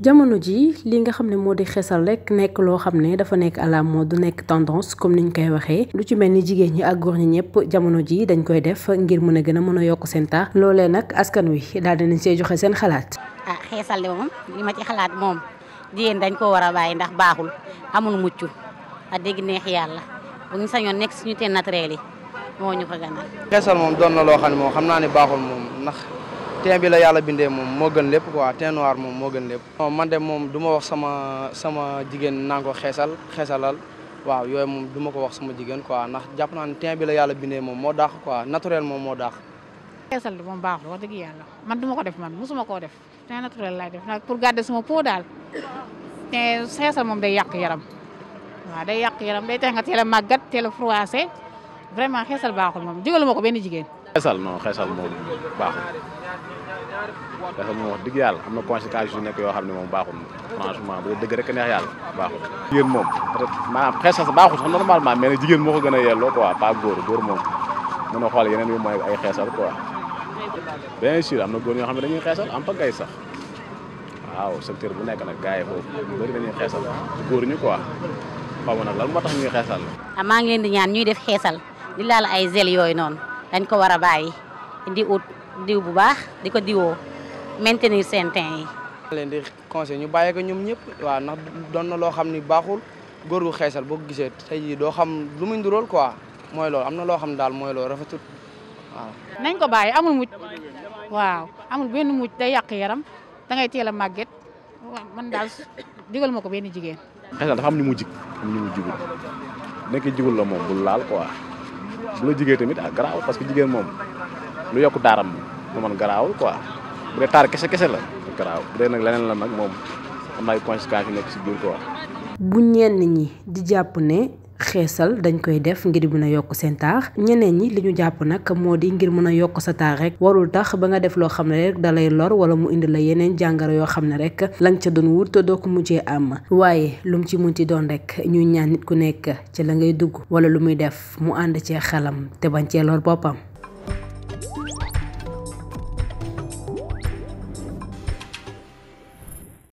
jamono ji li nga xam ne moo di xeesal rek nekk loo xam ne dafa nekk à la du nekk tendance comme ni ñu koy waxee lu ci mel ni jigéen ñi ak góor ñi ñëpp jamono ji dañ koy def ngir mën a gën a mën a yokk seen loolee nag askan wi daal dinañ see joxe seen xalaat. ah xeesal de ma ci xalaat moom jigéen dañ ko war a bàyyi ndax baaxul amul mucc a dégg neex yàlla bu ñu sañoon nekk suñu teen naturel yi moo ñu ko gënal. xeesal moom doon loo xam ne moom xam naa ne baaxul moom ndax. teint a la yàlla bindee moom moo gën lépp quoi teint noir moom moo gën lépp. non man de moom du ma wax sama sama jigéen naa ko xeesal xeesalal waaw yooyu moom duma ko wax sama jigéen quoi ndax jàpp naa ne teint bi la yàlla bindee moom moo daax quoi naturel moom moo daax. xeesal bi yàlla man du ma ko def man musuma koo def teint naturel laay def nag pour garder sama peau daal te xeesal moom day yàq yaram waa day yàq yaram day tax a teel a màggat teel a froissé vraiment xeesal baaxul moom digalu ma ko benn jigéen. xeesal non xeesal moom baaxul xeesal moom wax dëgg yàlla am na conséquences yu nekk yoo xam ne moom baaxul franchement bu dëgg rek neex yàlla baaxul jigéen moom maanaam xeesal baaxul sax normalement mais ne jigéen moo ko gën a yelloo quoi pas góor góor moom mën a xool yeneen yu mooy ay xeesal quoi bien sûr am na góor ñoo xam ne dañuy xeesal am pagay sax waaw secteur bu nekk nag gars yi foofu ñu bëri dañuy xeesal góor ñu quoi xaw ma nag lan moo tax ah, di ñaan ñuy def xeesal di laal ay zel yooyu noonu. dañ ko war a bàyyi di ut diw bu baax di ko diwoo maintenir seen teint yi. leen di conseil ñu bàyyi ko ñoom ñëpp waaw ndax doon na loo xam ni baaxul góor gu xeesal boo gisee tey jii doo xam lu muy rool quoi mooy loolu am na loo xam ne daal mooy loolu rafetut waaw. nañ ko bàyyi amul mucc waaw amul benn mucc te yàq yaram dangay teel a màgget man daal digal ma ko benn jigéen. xeesal dafa am ni mu jig am ni mu jigul la moom bul laal quoi. bu la jigéen tamit ah garaawul parce que jigéen moom lu yokk taaram mu man garaawul quoi bu dee taar kese kese la garaaw bu dee nag leneen la nag moom am na ay conséquences yu nekk si biir quoi. bu ñenn ñi di jàpp ne. xeesal dañ koy def ngir mën a yokk seen taax ñeneen ñi li ñu jàpp nag moo di ngir mën a yokk sa taax rek warul tax ba nga def loo xam ne rek dalay lor wala mu indi la yeneen jàngoro yoo xam ne rek lañ ca doon wut te doo ko mujjee am waaye lu mu ci ci doon rek ñuy ñaan nit ku nekk ci la ngay dugg wala lu muy def mu ànd cee xelam te bañ cee lor boppam